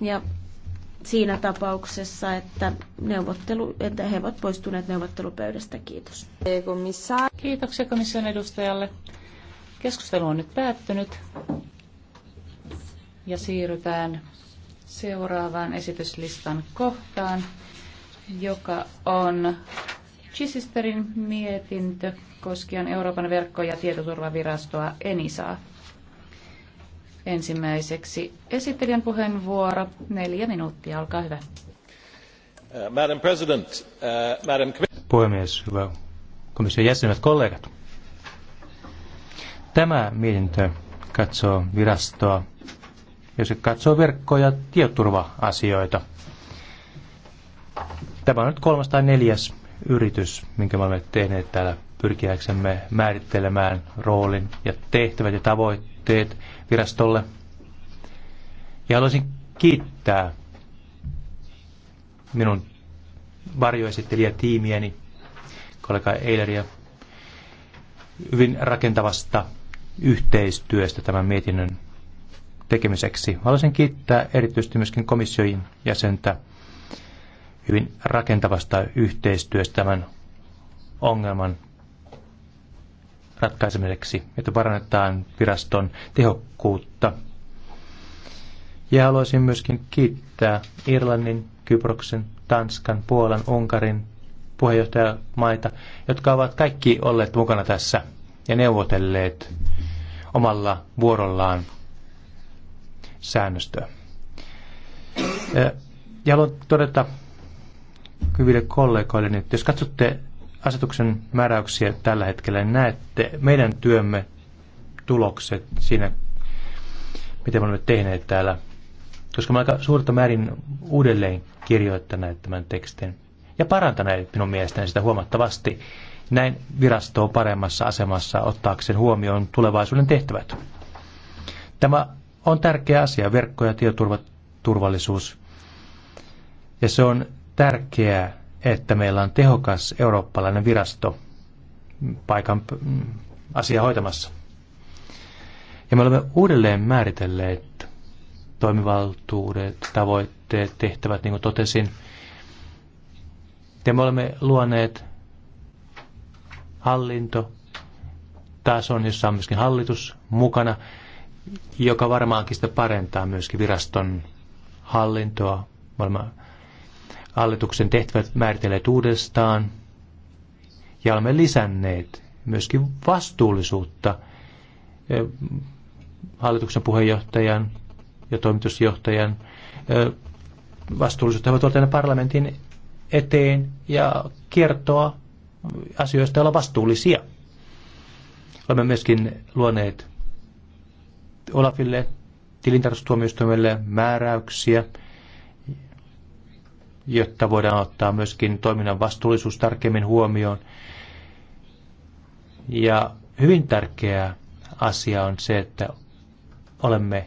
Ja siinä tapauksessa, että, neuvottelu, että he ovat poistuneet neuvottelupöydästä. Kiitos. Kiitoksia komission edustajalle. Keskustelu on nyt päättynyt ja siirrytään seuraavaan esityslistan kohtaan, joka on Chisisterin mietintö koskien Euroopan verkko- ja tietoturvavirastoa ENISAa. Ensimmäiseksi esittelijän puheenvuoro, neljä minuuttia, olkaa hyvä. Uh, Madam President, uh, Madam Puhemies, hyvä komission jäsenet, kollegat. Tämä mietintö katsoo virastoa, jos se katsoo verkkoja ja tietoturva-asioita. Tämä on nyt 304. yritys, minkä me olemme tehneet täällä pyrkiäksemme määrittelemään roolin ja tehtävät ja tavoitteet teet virastolle. Ja haluaisin kiittää minun varjoesittelijätiimiäni, kollega eileriä hyvin rakentavasta yhteistyöstä tämän mietinnön tekemiseksi. Haluaisin kiittää erityisesti myöskin komission jäsentä hyvin rakentavasta yhteistyöstä tämän ongelman ratkaisemiseksi, että parannetaan viraston tehokkuutta. Ja haluaisin myöskin kiittää Irlannin, Kyproksen, Tanskan, Puolan, Unkarin puheenjohtajamaita, jotka ovat kaikki olleet mukana tässä ja neuvotelleet omalla vuorollaan säännöstöä. Ja haluan todeta hyville kollegoille, että jos katsotte asetuksen määräyksiä tällä hetkellä, niin näette meidän työmme tulokset siinä, mitä me olemme tehneet täällä. Koska me aika suurta määrin uudelleen kirjoittaneet tämän tekstin ja parantaneet minun mielestäni sitä huomattavasti. Näin virasto on paremmassa asemassa ottaakseen huomioon tulevaisuuden tehtävät. Tämä on tärkeä asia, verkko- ja tietoturvallisuus. Ja se on tärkeää että meillä on tehokas eurooppalainen virasto paikan asia hoitamassa. Ja me olemme uudelleen määritelleet toimivaltuudet, tavoitteet, tehtävät, niin kuin totesin. Ja me olemme luoneet hallinto, tason, jossa on myöskin hallitus mukana, joka varmaankin sitä parentaa myöskin viraston hallintoa. Me olemme Hallituksen tehtävät määritelleet uudestaan ja olemme lisänneet myöskin vastuullisuutta hallituksen puheenjohtajan ja toimitusjohtajan vastuullisuutta. He voivat parlamentin eteen ja kertoa asioista, olla vastuullisia. Olemme myöskin luoneet Olafille, tilintarkastustuomioistuimelle määräyksiä, jotta voidaan ottaa myöskin toiminnan vastuullisuus tarkemmin huomioon. Ja hyvin tärkeä asia on se, että olemme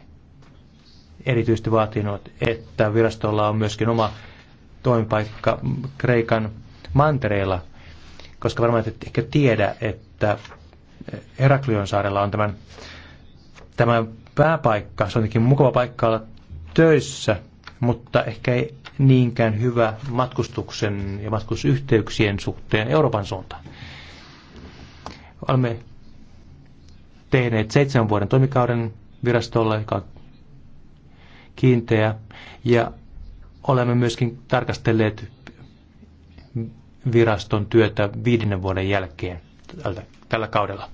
erityisesti vaatineet, että virastolla on myöskin oma toimipaikka Kreikan mantereilla, koska varmaan et ehkä tiedä, että Heraklion saarella on tämän, tämä pääpaikka. Se on jotenkin mukava paikka olla töissä, mutta ehkä ei niinkään hyvä matkustuksen ja matkustusyhteyksien suhteen Euroopan suuntaan. Olemme tehneet seitsemän vuoden toimikauden virastolle, joka on kiinteä, ja olemme myöskin tarkastelleet viraston työtä viidennen vuoden jälkeen tältä, tällä kaudella.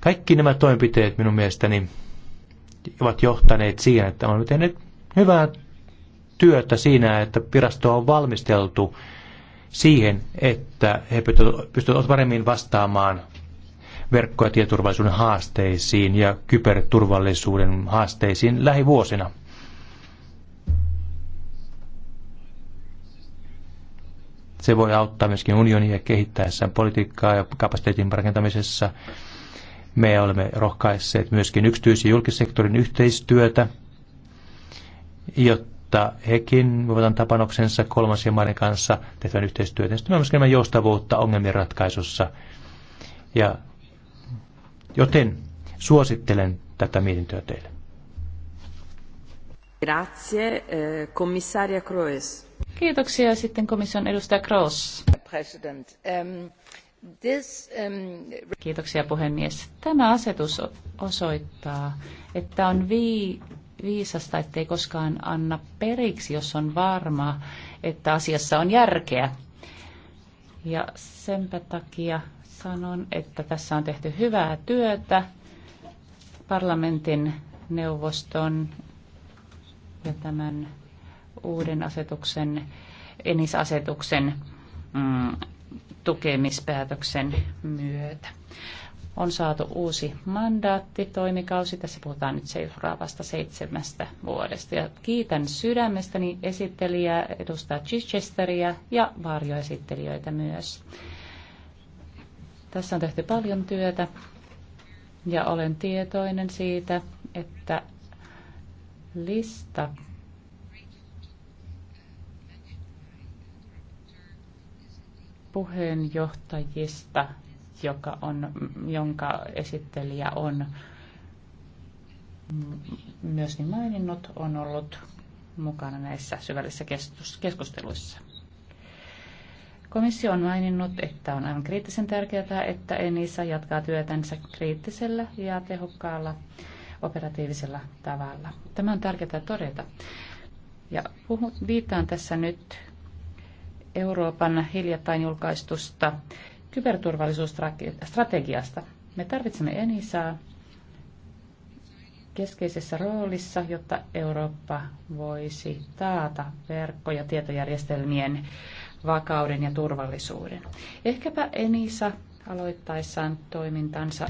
Kaikki nämä toimenpiteet minun mielestäni ovat johtaneet siihen, että olemme tehneet hyvää työtä siinä, että virastoa on valmisteltu siihen, että he pystyvät paremmin vastaamaan verkko- ja tietoturvallisuuden haasteisiin ja kyberturvallisuuden haasteisiin lähivuosina. Se voi auttaa myöskin unionia kehittäessään politiikkaa ja kapasiteetin rakentamisessa. Me olemme rohkaisseet myöskin yksityisen ja julkisektorin yhteistyötä, jotta jotta hekin voivat antaa panoksensa kolmansien maiden kanssa tehtävän yhteistyötä. Sitten on myös enemmän joustavuutta ongelmien ratkaisussa. Ja, joten suosittelen tätä mietintöä teille. Grazie, komissaria eh, Kroes. Kiitoksia sitten komission edustaja Kroos. President, um, this, um... Kiitoksia puhemies. Tämä asetus osoittaa, että on vii viisasta, ettei koskaan anna periksi, jos on varma, että asiassa on järkeä. Ja senpä takia sanon, että tässä on tehty hyvää työtä parlamentin neuvoston ja tämän uuden asetuksen, enisasetuksen mm, tukemispäätöksen myötä on saatu uusi mandaatti, toimikausi. Tässä puhutaan nyt seuraavasta seitsemästä vuodesta. Ja kiitän sydämestäni esittelijää, edustaa Chichesteria ja varjoesittelijöitä myös. Tässä on tehty paljon työtä ja olen tietoinen siitä, että lista puheenjohtajista joka on, jonka esittelijä on myös niin maininnut, on ollut mukana näissä syvällisissä keskusteluissa. Komissio on maininnut, että on aivan kriittisen tärkeää, että ENISA jatkaa työtänsä kriittisellä ja tehokkaalla operatiivisella tavalla. Tämä on tärkeää todeta. Ja puhun, viittaan tässä nyt Euroopan hiljattain julkaistusta kyberturvallisuusstrategiasta. Me tarvitsemme Enisaa keskeisessä roolissa, jotta Eurooppa voisi taata verkko- ja tietojärjestelmien vakauden ja turvallisuuden. Ehkäpä Enisa aloittaessaan toimintansa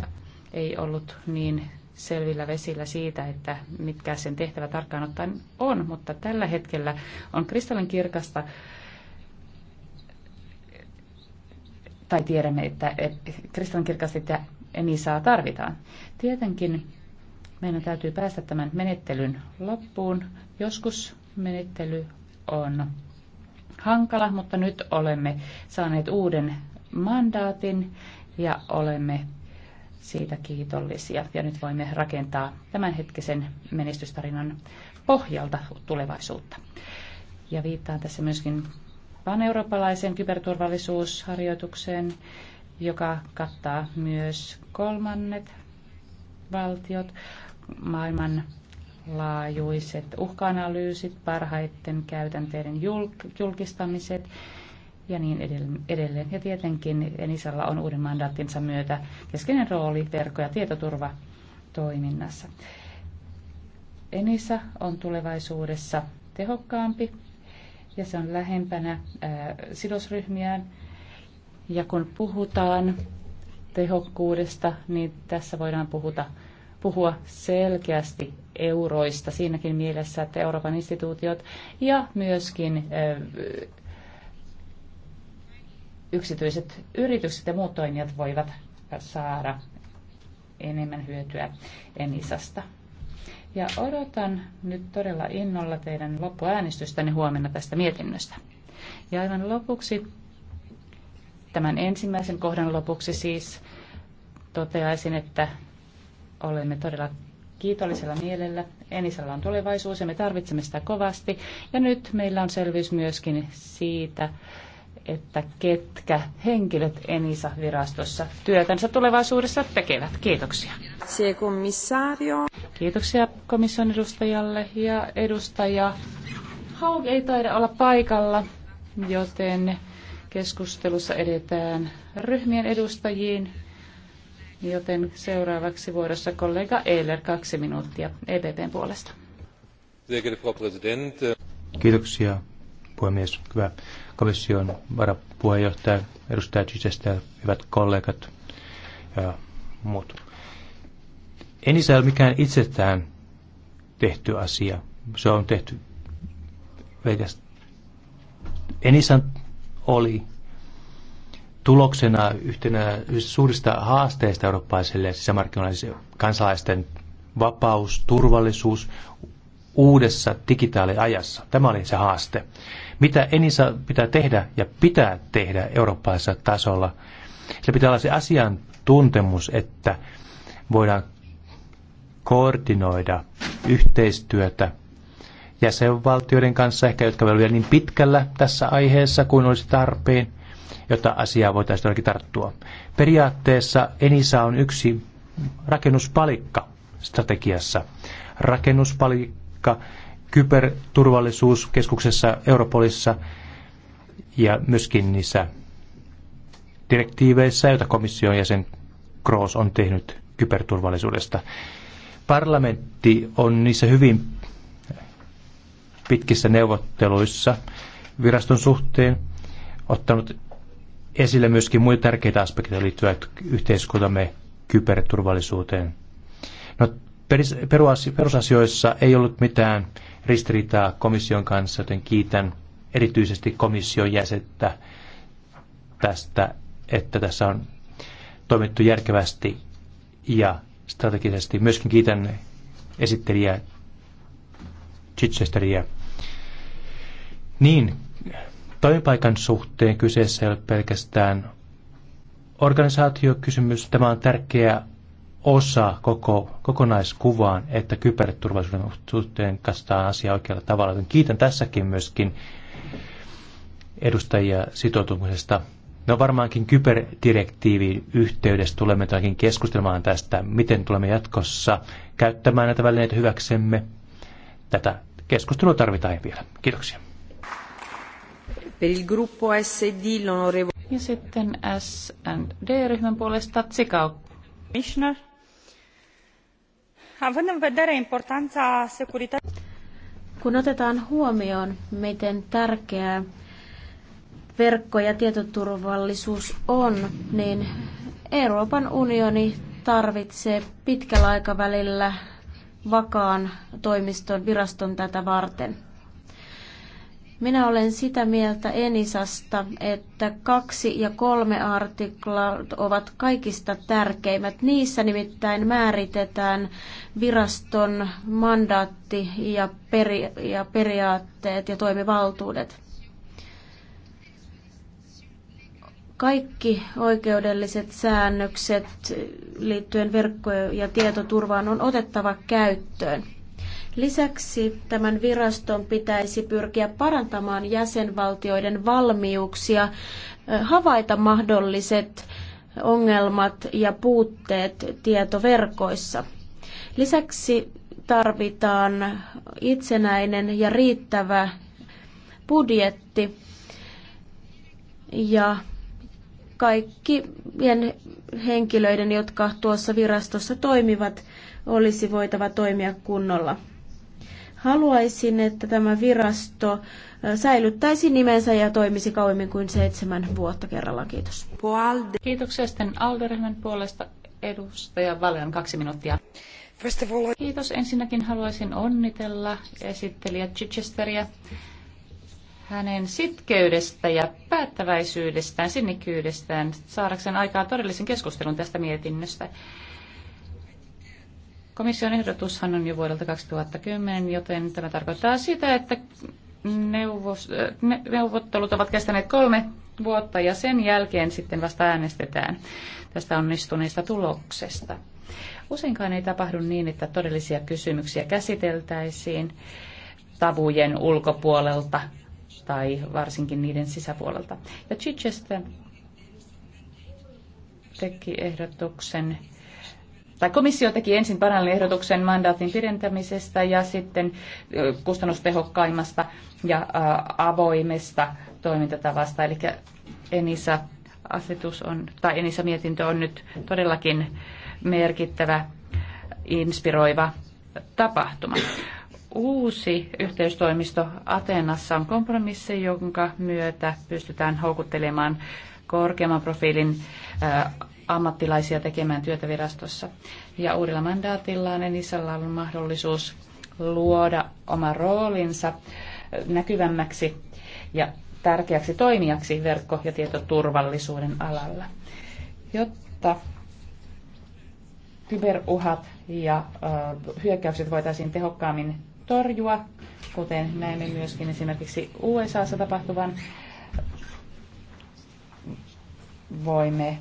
ei ollut niin selvillä vesillä siitä, että mitkä sen tehtävä tarkkaan ottaen on, mutta tällä hetkellä on kristallin kirkasta tai tiedämme, että kristallinkirkasti ja enisaa tarvitaan. Tietenkin meidän täytyy päästä tämän menettelyn loppuun. Joskus menettely on hankala, mutta nyt olemme saaneet uuden mandaatin ja olemme siitä kiitollisia. Ja nyt voimme rakentaa tämänhetkisen menestystarinan pohjalta tulevaisuutta. Ja viittaan tässä myöskin pan-eurooppalaiseen kyberturvallisuusharjoitukseen, joka kattaa myös kolmannet valtiot, maailmanlaajuiset uhka-analyysit, parhaiten käytänteiden julkistamiset ja niin edelleen. Ja tietenkin Enisalla on uuden mandaattinsa myötä keskeinen rooli verkko- ja tietoturvatoiminnassa. Enisa on tulevaisuudessa tehokkaampi ja se on lähempänä sidosryhmiään. Ja kun puhutaan tehokkuudesta, niin tässä voidaan puhuta, puhua selkeästi euroista siinäkin mielessä, että Euroopan instituutiot ja myöskin yksityiset yritykset ja muut toimijat voivat saada enemmän hyötyä Enisasta. Ja odotan nyt todella innolla teidän loppuäänestystänne huomenna tästä mietinnöstä. Ja aivan lopuksi, tämän ensimmäisen kohdan lopuksi siis, toteaisin, että olemme todella kiitollisella mielellä. Enisalla on tulevaisuus ja me tarvitsemme sitä kovasti. Ja nyt meillä on selvyys myöskin siitä, että ketkä henkilöt Enisa-virastossa työtänsä tulevaisuudessa tekevät. Kiitoksia. Kiitoksia komission edustajalle ja edustaja Haug ei taida olla paikalla, joten keskustelussa edetään ryhmien edustajiin. Joten seuraavaksi vuorossa kollega Eiler kaksi minuuttia EPPn puolesta. Kiitoksia, puhemies. Hyvä komission varapuheenjohtaja, edustaja Chichester, hyvät kollegat ja muut. Enisa ei ole mikään itsetään tehty asia. Se on tehty pelkästään. Enisan oli tuloksena yhtenä suurista haasteista eurooppalaiselle sisämarkkinoille kansalaisten vapaus, turvallisuus, uudessa digitaaliajassa. Tämä oli se haaste. Mitä Enisa pitää tehdä ja pitää tehdä eurooppalaisella tasolla? Se pitää olla se asiantuntemus, että voidaan koordinoida yhteistyötä jäsenvaltioiden kanssa, ehkä jotka ovat vielä niin pitkällä tässä aiheessa kuin olisi tarpeen, jotta asiaa voitaisiin todellakin tarttua. Periaatteessa Enisa on yksi rakennuspalikka strategiassa. Rakennuspalikka kyberturvallisuuskeskuksessa Europolissa ja myöskin niissä direktiiveissä, joita komission jäsen Kroos on tehnyt kyberturvallisuudesta. Parlamentti on niissä hyvin pitkissä neuvotteluissa viraston suhteen ottanut esille myöskin muita tärkeitä aspekteja liittyvät yhteiskuntamme kyberturvallisuuteen. No, perusasioissa ei ollut mitään ristiriitaa komission kanssa, joten kiitän erityisesti komission jäsentä tästä, että tässä on toimittu järkevästi ja strategisesti. Myöskin kiitän esittelijä Chichesteriä. Niin, toimipaikan suhteen kyseessä ei ole pelkästään organisaatiokysymys. Tämä on tärkeä osa koko, kokonaiskuvaan, että kyberturvallisuuden suhteen kastaa asia oikealla tavalla. Joten kiitän tässäkin myöskin edustajia sitoutumisesta. No varmaankin kyberdirektiivin yhteydessä tulemme jotakin keskustelemaan tästä, miten tulemme jatkossa käyttämään näitä välineitä hyväksemme. Tätä keskustelua tarvitaan vielä. Kiitoksia. Per il gruppo SD, ja sitten S&D-ryhmän puolesta Tsikau. Commissioner având în vedere importanța securității... Kun otetaan huomioon, miten tärkeää verkko- ja tietoturvallisuus on, niin Euroopan unioni tarvitsee pitkällä aikavälillä vakaan toimiston viraston tätä varten. Minä olen sitä mieltä Enisasta, että kaksi ja kolme artiklaa ovat kaikista tärkeimmät. Niissä nimittäin määritetään viraston mandaatti ja, peri- ja periaatteet ja toimivaltuudet. Kaikki oikeudelliset säännökset liittyen verkkojen ja tietoturvaan on otettava käyttöön. Lisäksi tämän viraston pitäisi pyrkiä parantamaan jäsenvaltioiden valmiuksia havaita mahdolliset ongelmat ja puutteet tietoverkoissa. Lisäksi tarvitaan itsenäinen ja riittävä budjetti ja kaikkien henkilöiden, jotka tuossa virastossa toimivat, olisi voitava toimia kunnolla. Haluaisin, että tämä virasto äh, säilyttäisi nimensä ja toimisi kauemmin kuin seitsemän vuotta kerrallaan. Kiitos. Kiitoksia sitten Alderyhmän puolesta edustaja Valean kaksi minuuttia. Kiitos. Ensinnäkin haluaisin onnitella esittelijä Chichesteria hänen sitkeydestä ja päättäväisyydestään, sinnikkyydestään saadakseen aikaa todellisen keskustelun tästä mietinnöstä. Komission ehdotushan on jo vuodelta 2010, joten tämä tarkoittaa sitä, että neuvos, ne, neuvottelut ovat kestäneet kolme vuotta ja sen jälkeen sitten vasta äänestetään tästä onnistuneesta tuloksesta. Useinkaan ei tapahdu niin, että todellisia kysymyksiä käsiteltäisiin tavujen ulkopuolelta tai varsinkin niiden sisäpuolelta. Ja Chichester teki ehdotuksen tai komissio teki ensin ehdotuksen mandaatin pidentämisestä ja sitten kustannustehokkaimmasta ja avoimesta toimintatavasta. Eli Enisa asetus on, tai Enisa mietintö on nyt todellakin merkittävä, inspiroiva tapahtuma. Uusi yhteistoimisto Atenassa on kompromissi, jonka myötä pystytään houkuttelemaan korkeamman profiilin ammattilaisia tekemään työtä virastossa. Ja uudella mandaatillaan Enisalla on mahdollisuus luoda oma roolinsa näkyvämmäksi ja tärkeäksi toimijaksi verkko- ja tietoturvallisuuden alalla, jotta kyberuhat ja hyökkäykset voitaisiin tehokkaammin torjua, kuten näemme myöskin esimerkiksi USAssa tapahtuvan. Voimme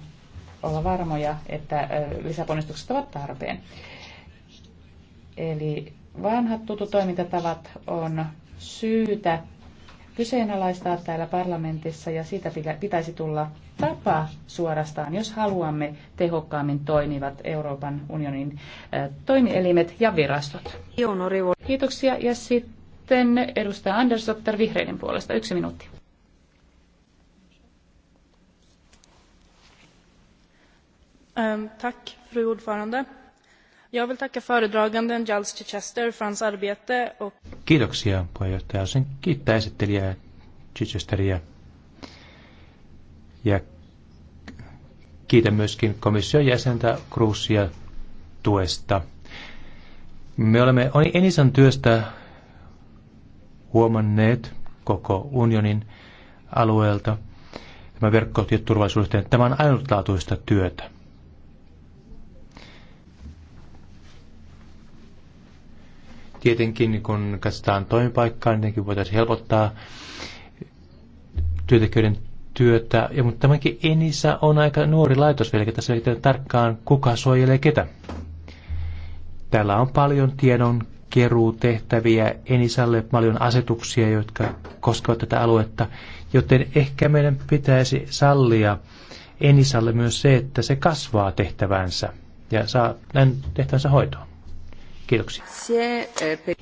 olla varmoja, että lisäponnistukset ovat tarpeen. Eli vanhat tutut toimintatavat on syytä kyseenalaistaa täällä parlamentissa ja siitä pitäisi tulla tapa suorastaan, jos haluamme tehokkaammin toimivat Euroopan unionin toimielimet ja virastot. Kiitoksia ja sitten edustaja Andersdotter vihreiden puolesta. Yksi minuutti. Ehm, fru talman! Jag vill tacka föredraganden Giles Chichester för hans arbete. Och... Kiitoksia puheenjohtaja. Sen kiittää esittelijää Chichesteriä. Ja kiitän myöskin komission jäsentä Kruusia tuesta. Me olemme Enisan työstä huomanneet koko unionin alueelta tämä verkko- ja verkkotietoturvallisuudesta. Tämä on ainutlaatuista työtä. Tietenkin kun katsotaan toimipaikkaa, niin voitaisiin helpottaa työntekijöiden työtä, ja, mutta tämäkin Enisa on aika nuori laitos vielä, tässä ei tarkkaan kuka suojelee ketä. Täällä on paljon tiedon keruutehtäviä Enisalle, paljon asetuksia, jotka koskevat tätä aluetta, joten ehkä meidän pitäisi sallia Enisalle myös se, että se kasvaa tehtävänsä ja saa näin tehtävänsä hoitoon. Kiitoksia.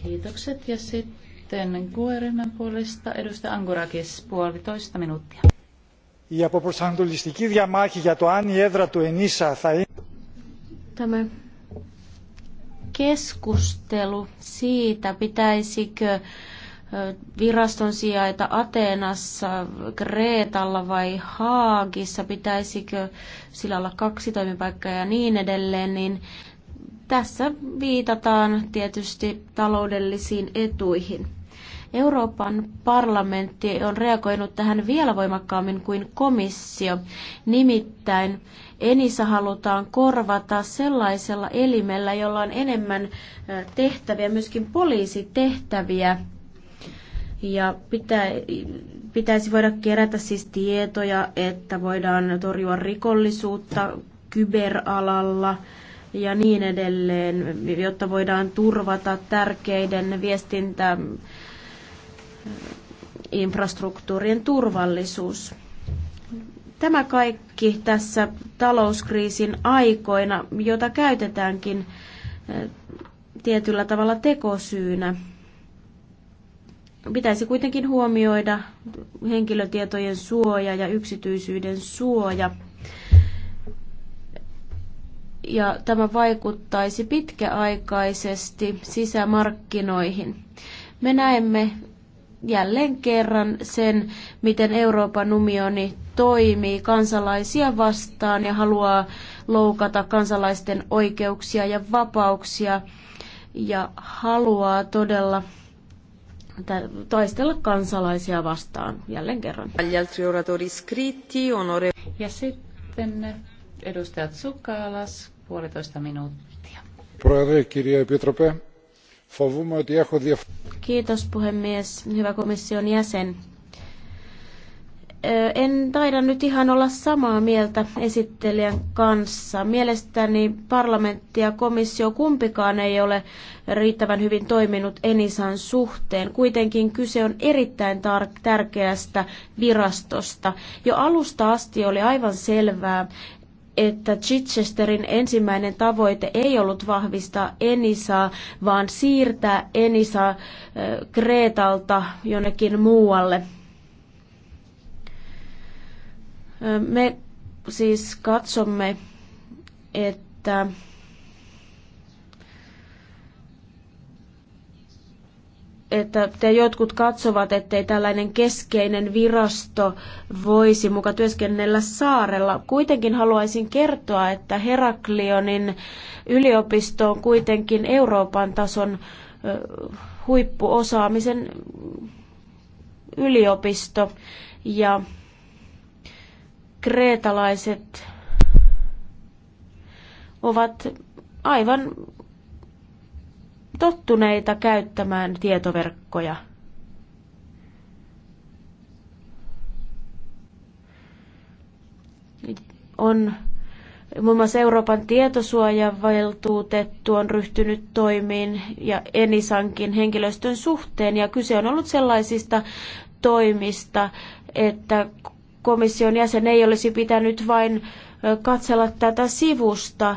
Kiitokset ja sitten QE-ryhmän puolesta edustaja Angurakis puolitoista minuuttia. Ja αποπροσανατολιστική διαμάχη για το αν η έδρα του ΕΝΙΣΑ θα είναι... Tämä keskustelu siitä, pitäisikö viraston sijaita Ateenassa, Kreetalla vai Haagissa, pitäisikö sillä olla kaksi toimipaikkaa ja niin edelleen, niin tässä viitataan tietysti taloudellisiin etuihin. Euroopan parlamentti on reagoinut tähän vielä voimakkaammin kuin komissio. Nimittäin Enisa halutaan korvata sellaisella elimellä, jolla on enemmän tehtäviä, myöskin poliisitehtäviä. Ja pitä, pitäisi voida kerätä siis tietoja, että voidaan torjua rikollisuutta kyberalalla – ja niin edelleen, jotta voidaan turvata tärkeiden viestintä äh, infrastruktuurien turvallisuus. Tämä kaikki tässä talouskriisin aikoina, jota käytetäänkin äh, tietyllä tavalla tekosyynä, pitäisi kuitenkin huomioida henkilötietojen suoja ja yksityisyyden suoja ja tämä vaikuttaisi pitkäaikaisesti sisämarkkinoihin. Me näemme jälleen kerran sen, miten Euroopan unioni toimii kansalaisia vastaan ja haluaa loukata kansalaisten oikeuksia ja vapauksia ja haluaa todella taistella kansalaisia vastaan jälleen kerran. Ja sitten edustajat Sukalas, puolitoista minuuttia. Kiitos puhemies, hyvä komission jäsen. En taida nyt ihan olla samaa mieltä esittelijän kanssa. Mielestäni parlamentti ja komissio kumpikaan ei ole riittävän hyvin toiminut Enisan suhteen. Kuitenkin kyse on erittäin tärkeästä virastosta. Jo alusta asti oli aivan selvää, että Chichesterin ensimmäinen tavoite ei ollut vahvistaa Enisaa, vaan siirtää Enisa Kreetalta jonnekin muualle. Me siis katsomme, että että te jotkut katsovat, ettei tällainen keskeinen virasto voisi muka työskennellä saarella. Kuitenkin haluaisin kertoa, että Heraklionin yliopisto on kuitenkin Euroopan tason huippuosaamisen yliopisto ja kreetalaiset ovat aivan tottuneita käyttämään tietoverkkoja. On muun muassa Euroopan tietosuojavaltuutettu on ryhtynyt toimiin ja Enisankin henkilöstön suhteen ja kyse on ollut sellaisista toimista, että komission jäsen ei olisi pitänyt vain katsella tätä sivusta,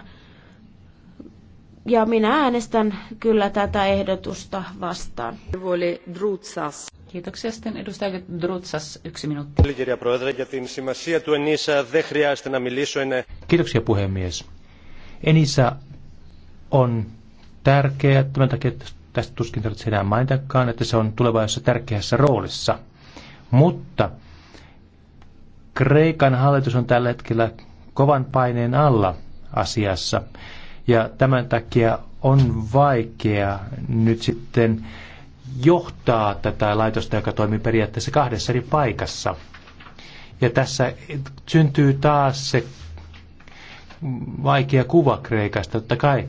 ja minä äänestän kyllä tätä ehdotusta vastaan. Kiitoksia sitten edustaja Drutsas, yksi minuutti. Kiitoksia puhemies. Enissä on tärkeä, tämän takia tästä tuskin tarvitsee enää mainitakaan, että se on tulevaisuudessa tärkeässä roolissa. Mutta Kreikan hallitus on tällä hetkellä kovan paineen alla asiassa. Ja tämän takia on vaikea nyt sitten johtaa tätä laitosta, joka toimii periaatteessa kahdessa eri paikassa. Ja tässä syntyy taas se vaikea kuva Kreikasta. Totta kai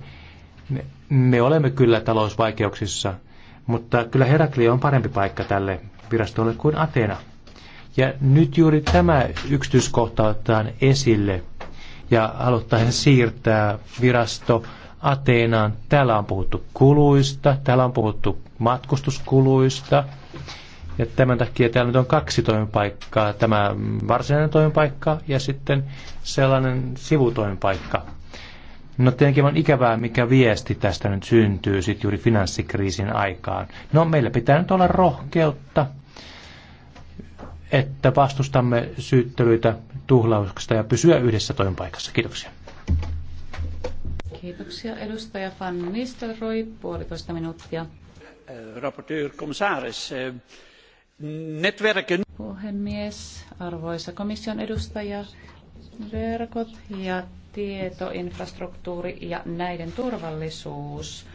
me, olemme kyllä talousvaikeuksissa, mutta kyllä Herakli on parempi paikka tälle virastolle kuin Atena. Ja nyt juuri tämä yksityiskohta otetaan esille ja haluttaisiin siirtää virasto Ateenaan. Täällä on puhuttu kuluista, täällä on puhuttu matkustuskuluista. Ja tämän takia täällä nyt on kaksi toimipaikkaa, tämä varsinainen toimipaikka ja sitten sellainen sivutoimipaikka. No tietenkin on ikävää, mikä viesti tästä nyt syntyy sitten juuri finanssikriisin aikaan. No meillä pitää nyt olla rohkeutta että vastustamme syyttelyitä tuhlauksesta ja pysyä yhdessä toimipaikassa. Kiitoksia. Kiitoksia edustaja Van Nistelrooy, puolitoista minuuttia. Rapporteur commissaris, netverken... Puhemies, arvoisa komission edustaja, verkot ja tietoinfrastruktuuri ja näiden turvallisuus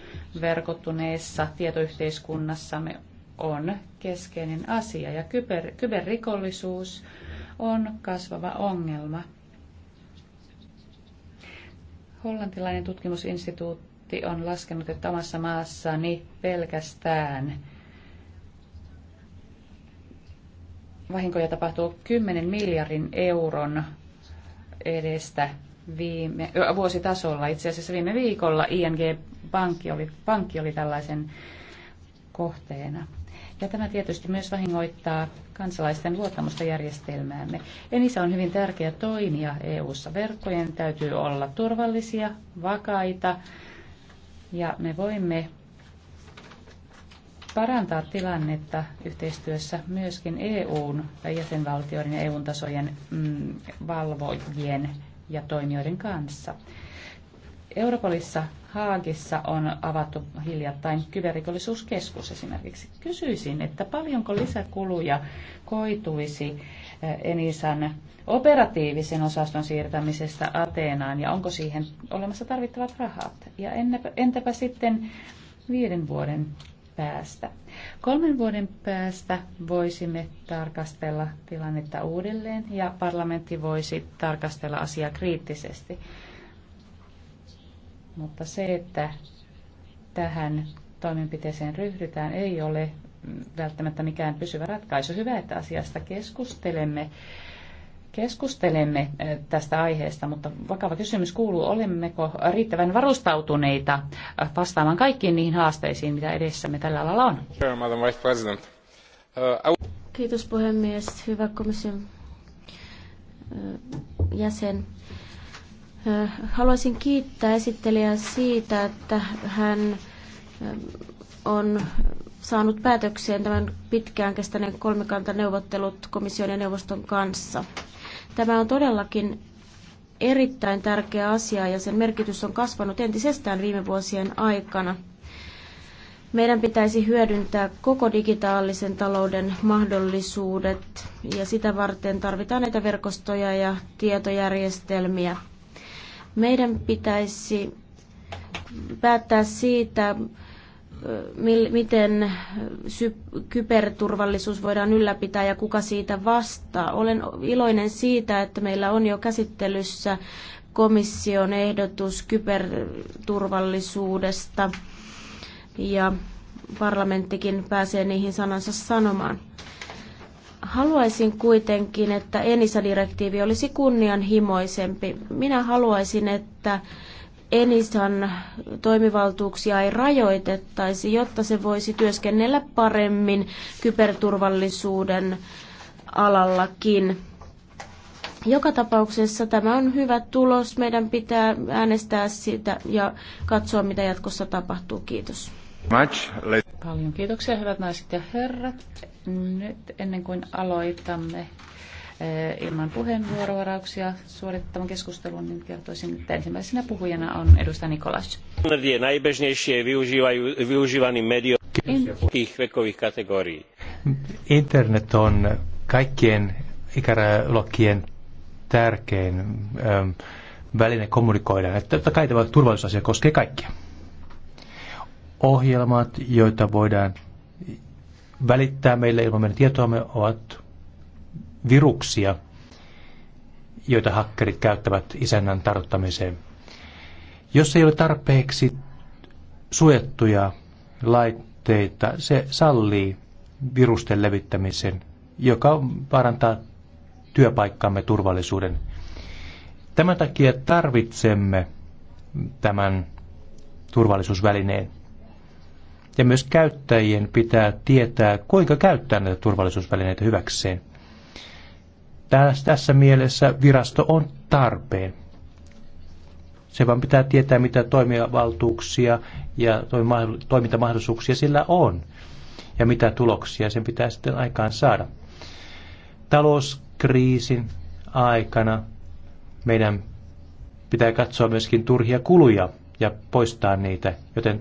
verkottuneessa tietoyhteiskunnassamme on keskeinen asia ja kyber, kyberrikollisuus on kasvava ongelma. Hollantilainen tutkimusinstituutti on laskenut, että omassa maassani pelkästään vahinkoja tapahtuu 10 miljardin euron edestä viime, vuositasolla. Itse asiassa viime viikolla ING-pankki oli, pankki oli tällaisen kohteena. Ja tämä tietysti myös vahingoittaa kansalaisten luottamusta järjestelmäämme. Enisa on hyvin tärkeä toimija EU-ssa. Verkkojen täytyy olla turvallisia, vakaita ja me voimme parantaa tilannetta yhteistyössä myöskin EUn jäsenvaltioiden ja EUn tasojen mm, valvojien ja toimijoiden kanssa. Europolissa Haagissa on avattu hiljattain kyberrikollisuuskeskus esimerkiksi. Kysyisin, että paljonko lisäkuluja koituisi eh, Enisan operatiivisen osaston siirtämisestä Ateenaan ja onko siihen olemassa tarvittavat rahat? Ja entäpä sitten viiden vuoden päästä? Kolmen vuoden päästä voisimme tarkastella tilannetta uudelleen ja parlamentti voisi tarkastella asiaa kriittisesti. Mutta se, että tähän toimenpiteeseen ryhdytään, ei ole välttämättä mikään pysyvä ratkaisu. Hyvä, että asiasta keskustelemme. Keskustelemme eh, tästä aiheesta, mutta vakava kysymys kuuluu, olemmeko riittävän varustautuneita eh, vastaamaan kaikkiin niihin haasteisiin, mitä edessämme tällä alalla on. Uh, Kiitos puhemies. Hyvä komission eh, jäsen. Haluaisin kiittää esittelijää siitä, että hän on saanut päätökseen tämän pitkään kestäneen kolmikantaneuvottelut komission ja neuvoston kanssa. Tämä on todellakin erittäin tärkeä asia ja sen merkitys on kasvanut entisestään viime vuosien aikana. Meidän pitäisi hyödyntää koko digitaalisen talouden mahdollisuudet ja sitä varten tarvitaan näitä verkostoja ja tietojärjestelmiä. Meidän pitäisi päättää siitä, miten kyberturvallisuus voidaan ylläpitää ja kuka siitä vastaa. Olen iloinen siitä, että meillä on jo käsittelyssä komission ehdotus kyberturvallisuudesta ja parlamenttikin pääsee niihin sanansa sanomaan. Haluaisin kuitenkin, että Enisa-direktiivi olisi kunnianhimoisempi. Minä haluaisin, että Enisan toimivaltuuksia ei rajoitettaisi, jotta se voisi työskennellä paremmin kyberturvallisuuden alallakin. Joka tapauksessa tämä on hyvä tulos. Meidän pitää äänestää sitä ja katsoa, mitä jatkossa tapahtuu. Kiitos. Much. Paljon kiitoksia, hyvät naiset ja herrat. Nyt ennen kuin aloitamme eh, ilman puheenvuorovarauksia suorittavan keskustelun, niin kertoisin, että ensimmäisenä puhujana on edustaja Nikolas. Internet Internet on kaikkien ikäluokkien tärkein väline kommunikoida. totta kai tämä turvallisuusasia koskee kaikkia ohjelmat, joita voidaan välittää meille ilman meidän tietoamme, ovat viruksia, joita hakkerit käyttävät isännän tarttamiseen. Jos ei ole tarpeeksi suojattuja laitteita, se sallii virusten levittämisen, joka parantaa työpaikkamme turvallisuuden. Tämän takia tarvitsemme tämän turvallisuusvälineen. Ja myös käyttäjien pitää tietää, kuinka käyttää näitä turvallisuusvälineitä hyväkseen. Tässä mielessä virasto on tarpeen. Se vaan pitää tietää, mitä toimivaltuuksia ja toimintamahdollisuuksia sillä on ja mitä tuloksia sen pitää sitten aikaan saada. Talouskriisin aikana meidän pitää katsoa myöskin turhia kuluja ja poistaa niitä, joten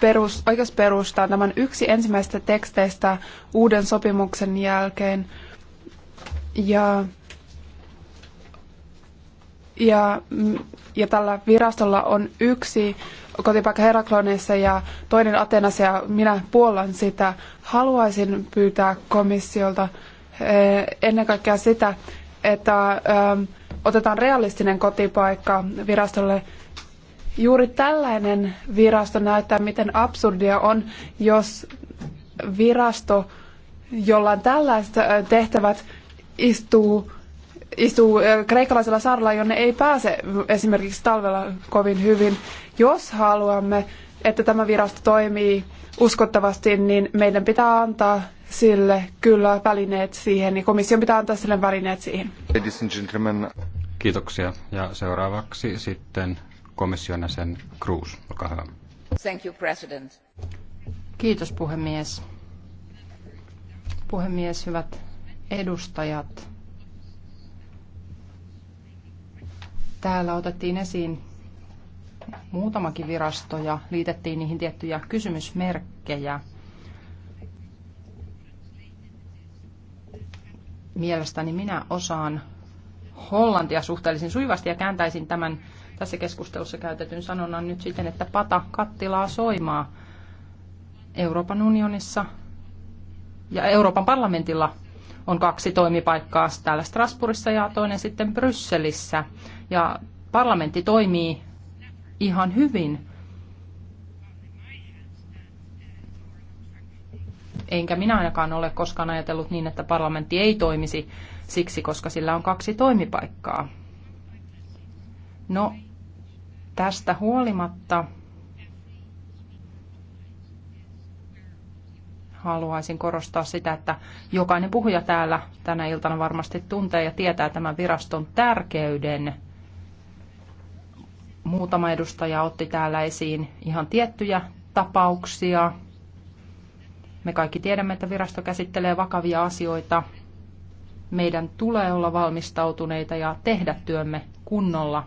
perus, oikeusperusta. on tämän yksi ensimmäistä teksteistä uuden sopimuksen jälkeen. Ja, ja, ja tällä virastolla on yksi kotipaikka Herakloneissa ja toinen Atenassa ja minä puollan sitä. Haluaisin pyytää komissiolta eh, ennen kaikkea sitä, että eh, otetaan realistinen kotipaikka virastolle – Juuri tällainen virasto näyttää, miten absurdia on, jos virasto, jolla on tällaiset tehtävät, istuu, istuu kreikkalaisella saarella, jonne ei pääse esimerkiksi talvella kovin hyvin. Jos haluamme, että tämä virasto toimii uskottavasti, niin meidän pitää antaa sille kyllä välineet siihen, niin komission pitää antaa sille välineet siihen. Kiitoksia. Ja seuraavaksi sitten komission jäsen Cruz. Olkaa hyvä. Thank you, President. Kiitos puhemies. Puhemies, hyvät edustajat. Täällä otettiin esiin muutamakin virasto ja liitettiin niihin tiettyjä kysymysmerkkejä. Mielestäni minä osaan hollantia suhteellisen sujuvasti ja kääntäisin tämän tässä keskustelussa käytetyn sanonnan nyt siten, että pata kattilaa soimaa Euroopan unionissa ja Euroopan parlamentilla on kaksi toimipaikkaa täällä Strasbourgissa ja toinen sitten Brysselissä. Ja parlamentti toimii ihan hyvin. Enkä minä ainakaan ole koskaan ajatellut niin, että parlamentti ei toimisi siksi, koska sillä on kaksi toimipaikkaa. No, Tästä huolimatta haluaisin korostaa sitä, että jokainen puhuja täällä tänä iltana varmasti tuntee ja tietää tämän viraston tärkeyden. Muutama edustaja otti täällä esiin ihan tiettyjä tapauksia. Me kaikki tiedämme, että virasto käsittelee vakavia asioita. Meidän tulee olla valmistautuneita ja tehdä työmme kunnolla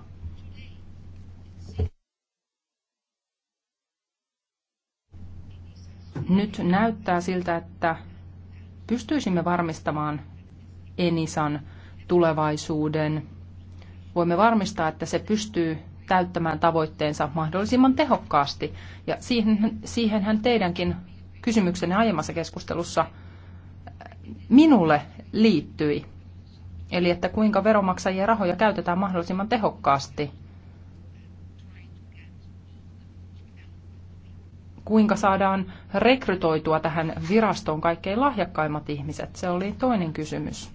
Nyt näyttää siltä, että pystyisimme varmistamaan Enisan tulevaisuuden. Voimme varmistaa, että se pystyy täyttämään tavoitteensa mahdollisimman tehokkaasti. Ja siihen, siihenhän teidänkin kysymyksenne aiemmassa keskustelussa äh, minulle liittyi. Eli että kuinka veromaksajien rahoja käytetään mahdollisimman tehokkaasti. kuinka saadaan rekrytoitua tähän virastoon kaikkein lahjakkaimmat ihmiset? Se oli toinen kysymys.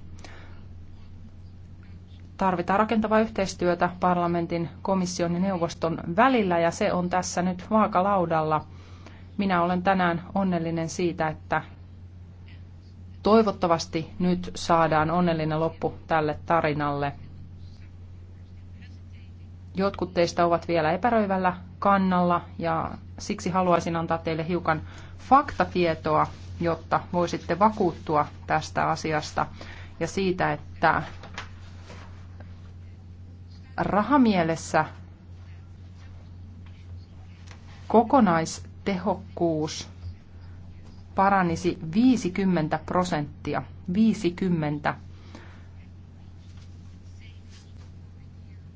Tarvitaan rakentavaa yhteistyötä parlamentin, komission ja neuvoston välillä ja se on tässä nyt vaakalaudalla. Minä olen tänään onnellinen siitä, että toivottavasti nyt saadaan onnellinen loppu tälle tarinalle – Jotkut teistä ovat vielä epäröivällä kannalla ja siksi haluaisin antaa teille hiukan faktatietoa, jotta voisitte vakuuttua tästä asiasta ja siitä, että rahamielessä kokonaistehokkuus paranisi 50 prosenttia. 50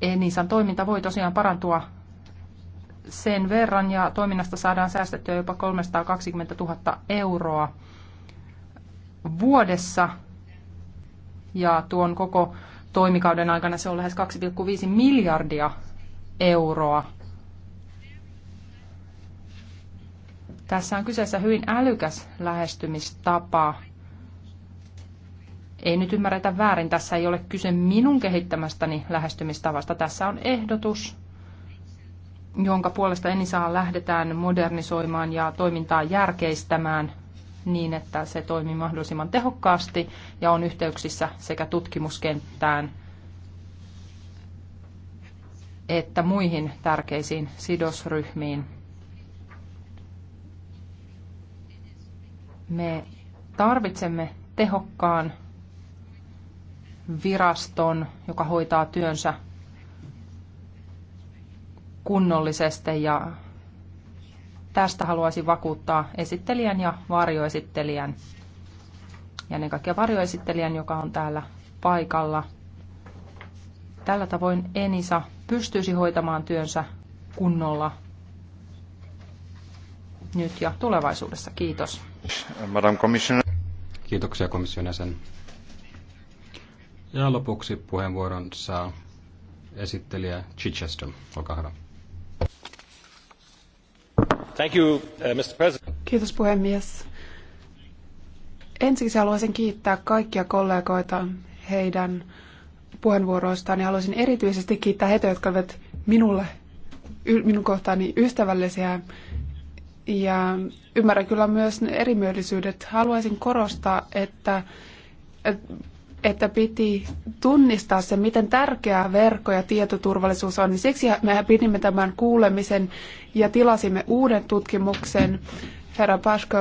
Enisan toiminta voi tosiaan parantua sen verran ja toiminnasta saadaan säästettyä jopa 320 000 euroa vuodessa ja tuon koko toimikauden aikana se on lähes 2,5 miljardia euroa. Tässä on kyseessä hyvin älykäs lähestymistapa ei nyt ymmärretä väärin, tässä ei ole kyse minun kehittämästäni lähestymistavasta. Tässä on ehdotus, jonka puolesta Enisaa lähdetään modernisoimaan ja toimintaa järkeistämään niin, että se toimii mahdollisimman tehokkaasti ja on yhteyksissä sekä tutkimuskenttään että muihin tärkeisiin sidosryhmiin. Me tarvitsemme tehokkaan viraston, joka hoitaa työnsä kunnollisesti ja tästä haluaisin vakuuttaa esittelijän ja varjoesittelijän ja ennen kaikkea varjoesittelijän, joka on täällä paikalla. Tällä tavoin Enisa pystyisi hoitamaan työnsä kunnolla nyt ja tulevaisuudessa. Kiitos. Madam Commissioner. Kiitoksia komission jäsen. Ja lopuksi puheenvuoron saa esittelijä Chichester. Olkaa hyvä. Thank you, uh, Mr. President. Kiitos puhemies. Ensiksi haluaisin kiittää kaikkia kollegoita heidän puheenvuoroistaan ja haluaisin erityisesti kiittää heitä, jotka ovat minulle, minun kohtaani ystävällisiä ja ymmärrän kyllä myös ne erimielisyydet. Haluaisin korostaa, että että piti tunnistaa se, miten tärkeää verkko- ja tietoturvallisuus on. Niin siksi me pidimme tämän kuulemisen ja tilasimme uuden tutkimuksen. Herra Pasko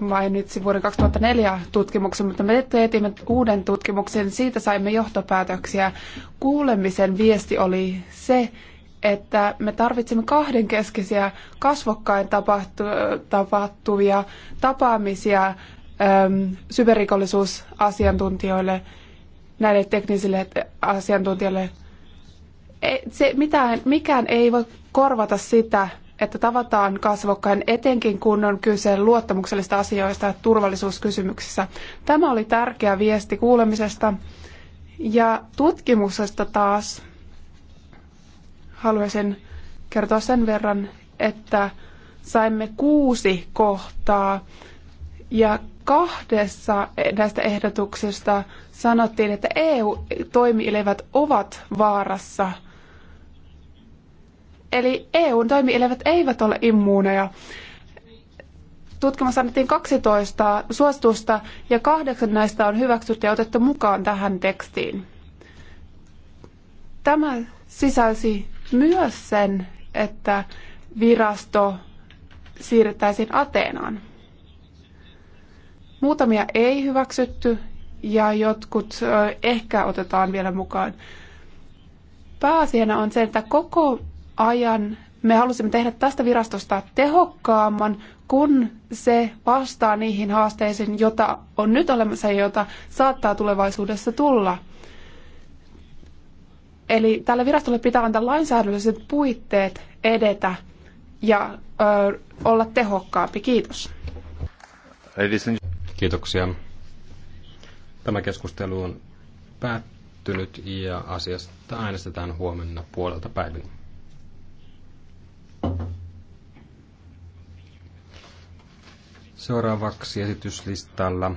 mainitsi vuoden 2004 tutkimuksen, mutta me teetimme uuden tutkimuksen. Siitä saimme johtopäätöksiä. Kuulemisen viesti oli se, että me tarvitsemme kahdenkeskisiä kasvokkain tapahtuvia tapaamisia äm, syverikollisuusasiantuntijoille, näille teknisille asiantuntijoille. E, se, mitään, mikään ei voi korvata sitä, että tavataan kasvokkain, etenkin kun on kyse luottamuksellisista asioista turvallisuuskysymyksissä. Tämä oli tärkeä viesti kuulemisesta. Ja tutkimuksesta taas haluaisin kertoa sen verran, että saimme kuusi kohtaa ja kahdessa näistä ehdotuksista sanottiin, että EU-toimielevät ovat vaarassa. Eli EU-toimielevät eivät ole immuuneja. Tutkimassa annettiin 12 suositusta ja kahdeksan näistä on hyväksytty ja otettu mukaan tähän tekstiin. Tämä sisälsi myös sen, että virasto siirrettäisiin Ateenaan. Muutamia ei hyväksytty ja jotkut ehkä otetaan vielä mukaan. Pääasiana on se, että koko ajan me halusimme tehdä tästä virastosta tehokkaamman, kun se vastaa niihin haasteisiin, jota on nyt olemassa ja jota saattaa tulevaisuudessa tulla. Eli tälle virastolle pitää antaa lainsäädännölliset puitteet edetä ja ö, olla tehokkaampi. Kiitos. Kiitoksia. Tämä keskustelu on päättynyt ja asiasta äänestetään huomenna puolelta päivin. Seuraavaksi esityslistalla